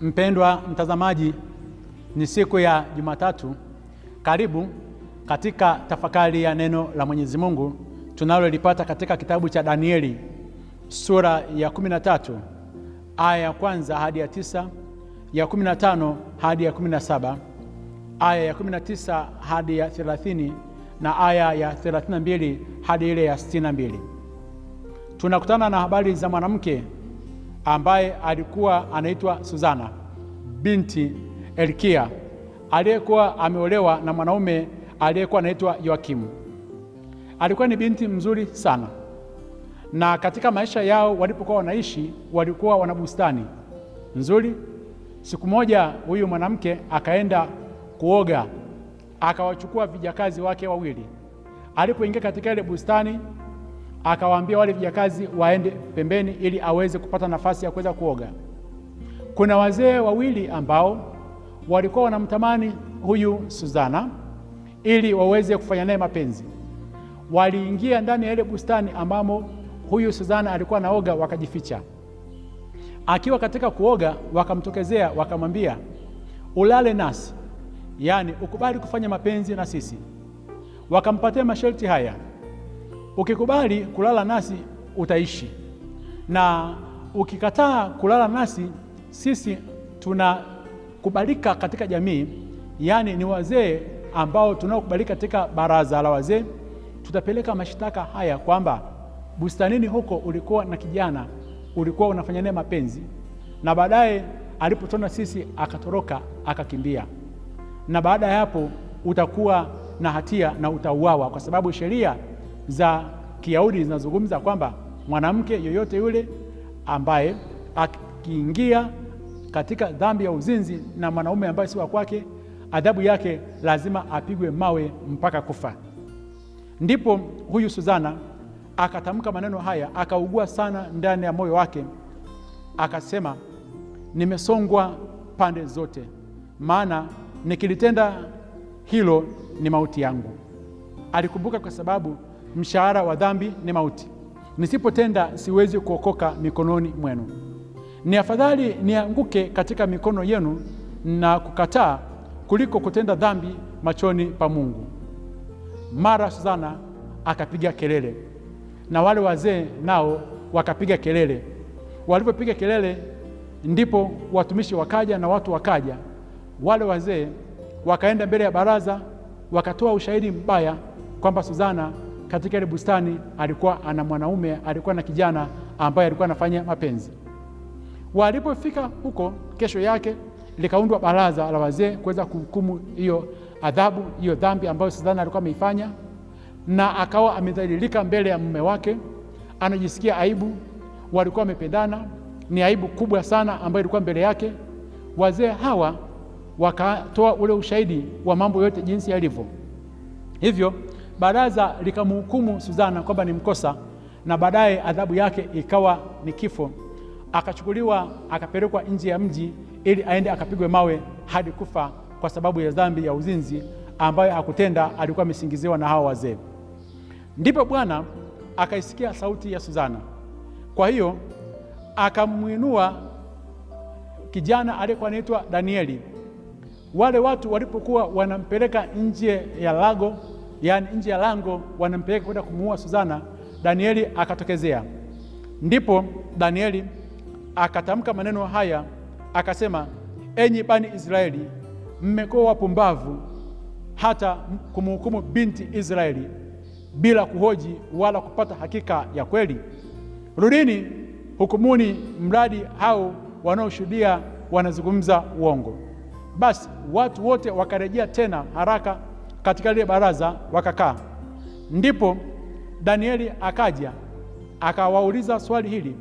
Mpendwa mtazamaji, ni siku ya Jumatatu. Karibu katika tafakari ya neno la Mwenyezi Mungu tunalolipata katika kitabu cha Danieli sura ya 13 aya ya kwanza hadi ya tisa, ya 15 hadi ya 17, aya ya 19 hadi ya 30 na aya ya 32 hadi ile ya 62. Tunakutana na habari za mwanamke ambaye alikuwa anaitwa Suzana binti Elkia aliyekuwa ameolewa na mwanaume aliyekuwa anaitwa Yoakimu. Alikuwa ni binti mzuri sana, na katika maisha yao walipokuwa wanaishi walikuwa wana bustani nzuri. Siku moja huyu mwanamke akaenda kuoga, akawachukua vijakazi wake wawili. Alipoingia katika ile bustani akawaambia wale vijakazi waende pembeni ili aweze kupata nafasi ya kuweza kuoga. Kuna wazee wawili ambao walikuwa wanamtamani huyu Suzana ili waweze kufanya naye mapenzi. Waliingia ndani ya ile bustani ambamo huyu Suzana alikuwa naoga, wakajificha. Akiwa katika kuoga, wakamtokezea wakamwambia, ulale nasi, yaani ukubali kufanya mapenzi na sisi. Wakampatia masharti haya Ukikubali kulala nasi utaishi, na ukikataa kulala nasi sisi tunakubalika katika jamii, yaani ni wazee ambao tunaokubalika katika baraza la wazee. Tutapeleka mashtaka haya kwamba bustanini huko ulikuwa na kijana ulikuwa unafanya naye mapenzi, na baadaye alipotona sisi akatoroka akakimbia, na baada ya hapo utakuwa na hatia na utauawa, kwa sababu sheria za Kiyahudi zinazungumza kwamba mwanamke yoyote yule ambaye akiingia katika dhambi ya uzinzi na mwanaume ambaye si wa kwake, adhabu yake lazima apigwe mawe mpaka kufa. Ndipo huyu Suzana akatamka maneno haya, akaugua sana ndani ya moyo wake, akasema, nimesongwa pande zote, maana nikilitenda hilo ni mauti yangu. Alikumbuka kwa sababu mshahara wa dhambi ni mauti, nisipotenda siwezi kuokoka mikononi mwenu. Ni afadhali nianguke katika mikono yenu na kukataa kuliko kutenda dhambi machoni pa Mungu. Mara Suzana akapiga kelele na wale wazee nao wakapiga kelele. Walipopiga kelele, ndipo watumishi wakaja na watu wakaja. Wale wazee wakaenda mbele ya baraza, wakatoa ushahidi mbaya kwamba Suzana katika ile bustani alikuwa ana mwanaume, alikuwa na kijana ambaye alikuwa anafanya mapenzi. Walipofika huko, kesho yake likaundwa baraza la wazee kuweza kuhukumu hiyo adhabu, hiyo dhambi ambayo Suzana alikuwa ameifanya, na akawa amedhalilika mbele ya mume wake, anajisikia aibu. Walikuwa wamependana, ni aibu kubwa sana ambayo ilikuwa mbele yake. Wazee hawa wakatoa ule ushahidi wa mambo yote jinsi yalivyo hivyo baraza likamhukumu Suzana kwamba ni mkosa, na baadaye adhabu yake ikawa ni kifo. Akachukuliwa akapelekwa nje ya mji ili aende akapigwe mawe hadi kufa kwa sababu ya dhambi ya uzinzi ambayo hakutenda, alikuwa amesingiziwa na hawa wazee. Ndipo Bwana akaisikia sauti ya Suzana, kwa hiyo akamwinua kijana aliyekuwa anaitwa Danieli. Wale watu walipokuwa wanampeleka nje ya lago yaani nje ya lango, wanampeleka kwenda kumuua Suzana. Danieli akatokezea. Ndipo Danieli akatamka maneno haya akasema, enyi bani Israeli, mmekuwa wapumbavu hata kumhukumu binti Israeli bila kuhoji wala kupata hakika ya kweli. Rudini hukumuni, mradi hao wanaoshuhudia wanazungumza uongo. Basi watu wote wakarejea tena haraka katika lile baraza wakakaa. Ndipo Danieli akaja akawauliza swali hili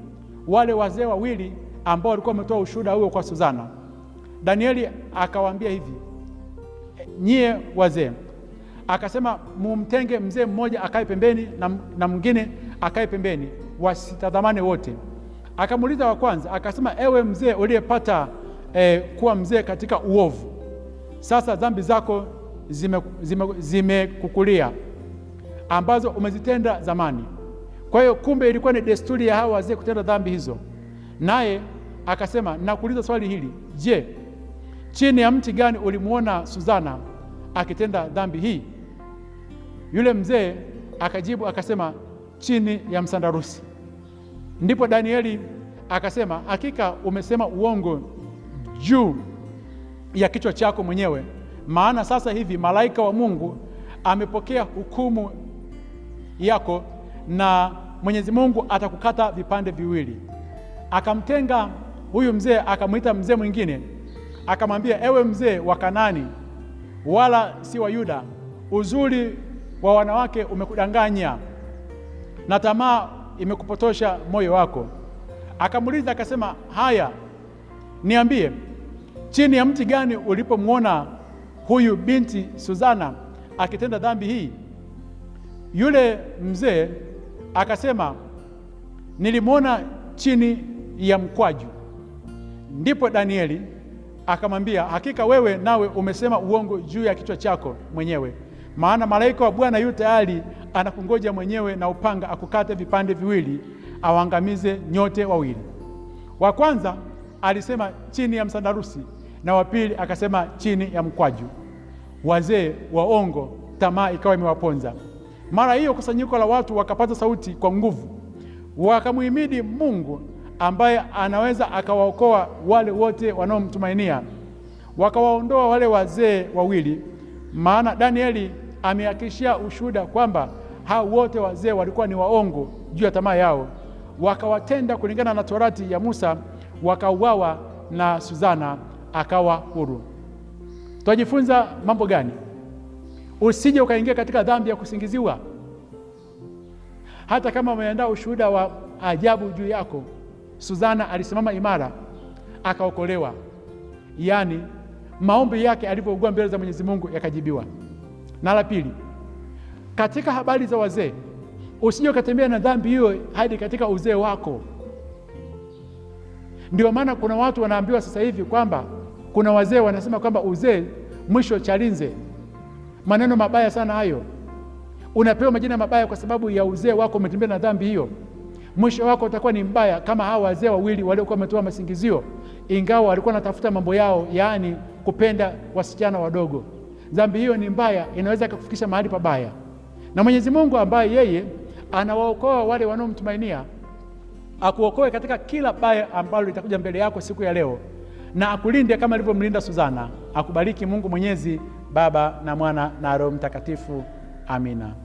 wale wazee wawili ambao walikuwa wametoa ushuhuda huo kwa Suzana. Danieli akawaambia hivi, nyie wazee, akasema mumtenge mzee mmoja akae pembeni na mwingine akae pembeni, wasitazamane wote. Akamuuliza wa kwanza akasema, ewe mzee uliyepata eh, kuwa mzee katika uovu, sasa dhambi zako zimekukulia zime, zime ambazo umezitenda zamani. Kwa hiyo kumbe ilikuwa ni desturi ya hawa wazee kutenda dhambi hizo. Naye akasema, nakuuliza swali hili, je, chini ya mti gani ulimwona Suzana akitenda dhambi hii? Yule mzee akajibu akasema, chini ya msandarusi. Ndipo Danieli akasema, hakika umesema uongo juu ya kichwa chako mwenyewe maana sasa hivi malaika wa Mungu amepokea hukumu yako na Mwenyezi Mungu atakukata vipande viwili. Akamtenga huyu mzee, akamwita mzee mwingine, akamwambia, ewe mzee wa Kanani, wala si wa Yuda, uzuri wa wanawake umekudanganya na tamaa imekupotosha moyo wako. Akamuuliza akasema, haya niambie, chini ya mti gani ulipomwona huyu binti Suzana akitenda dhambi hii, yule mzee akasema, nilimwona chini ya mkwaju. Ndipo Danieli akamwambia, hakika wewe nawe umesema uongo juu ya kichwa chako mwenyewe, maana malaika wa Bwana yu tayari anakungoja mwenyewe na upanga, akukate vipande viwili, awaangamize nyote wawili. Wa kwanza alisema chini ya msandarusi na wa pili akasema chini ya mkwaju. Wazee waongo, tamaa ikawa imewaponza. Mara hiyo kusanyiko la watu wakapata sauti kwa nguvu, wakamhimidi Mungu ambaye anaweza akawaokoa wale wote wanaomtumainia. Wakawaondoa wale wazee wawili, maana Danieli amehakikishia ushuhuda kwamba hao wote wazee walikuwa ni waongo juu ya tamaa yao. Wakawatenda kulingana na torati ya Musa, wakauawa na Suzana akawa huru. Twajifunza mambo gani? Usije ukaingia katika dhambi ya kusingiziwa. Hata kama umeandaa ushuhuda wa ajabu juu yako, Suzana alisimama imara akaokolewa, yaani maombi yake alipougua mbele za Mwenyezi Mungu yakajibiwa. Na la pili, katika habari za wazee, usije ukatembea na dhambi hiyo hadi katika uzee wako. Ndio maana kuna watu wanaambiwa sasa hivi kwamba kuna wazee wanasema kwamba uzee mwisho Chalinze. Maneno mabaya sana hayo. Unapewa majina mabaya kwa sababu ya uzee wako, umetembea na dhambi hiyo. Mwisho wako utakuwa ni mbaya, kama hawa wazee wawili waliokuwa wametoa masingizio, ingawa walikuwa wanatafuta mambo yao, yaani kupenda wasichana wadogo. Dhambi hiyo ni mbaya, inaweza ikakufikisha mahali pabaya, na Mwenyezi Mungu ambaye yeye anawaokoa wale wanaomtumainia akuokoe katika kila baya ambalo litakuja mbele yako siku ya leo na akulinde kama alivyomlinda Suzana. Akubariki Mungu Mwenyezi, Baba na Mwana na Roho Mtakatifu. Amina.